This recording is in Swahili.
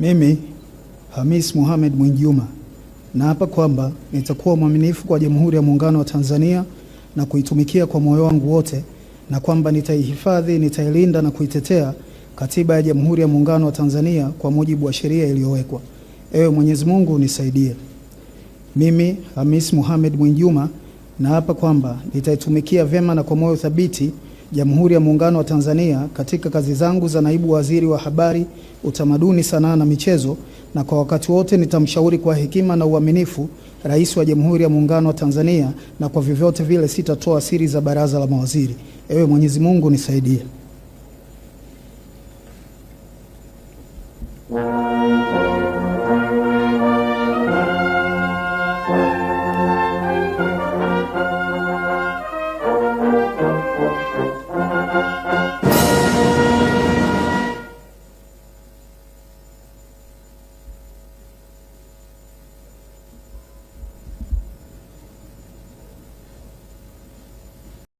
Mimi Hamis Mohamed Mwinjuma naapa kwamba nitakuwa mwaminifu kwa Jamhuri ya Muungano wa Tanzania na kuitumikia kwa moyo wangu wote, na kwamba nitaihifadhi, nitailinda na kuitetea Katiba ya Jamhuri ya Muungano wa Tanzania kwa mujibu wa sheria iliyowekwa. Ewe Mwenyezi Mungu nisaidie. Mimi Hamis Mohamed Mwinjuma naapa kwamba nitaitumikia vyema na kwa moyo thabiti Jamhuri ya Muungano wa Tanzania katika kazi zangu za naibu waziri wa habari, utamaduni, sanaa na michezo, na kwa wakati wote nitamshauri kwa hekima na uaminifu Rais wa Jamhuri ya Muungano wa Tanzania, na kwa vyovyote vile sitatoa siri za baraza la mawaziri. Ewe Mwenyezi Mungu nisaidie.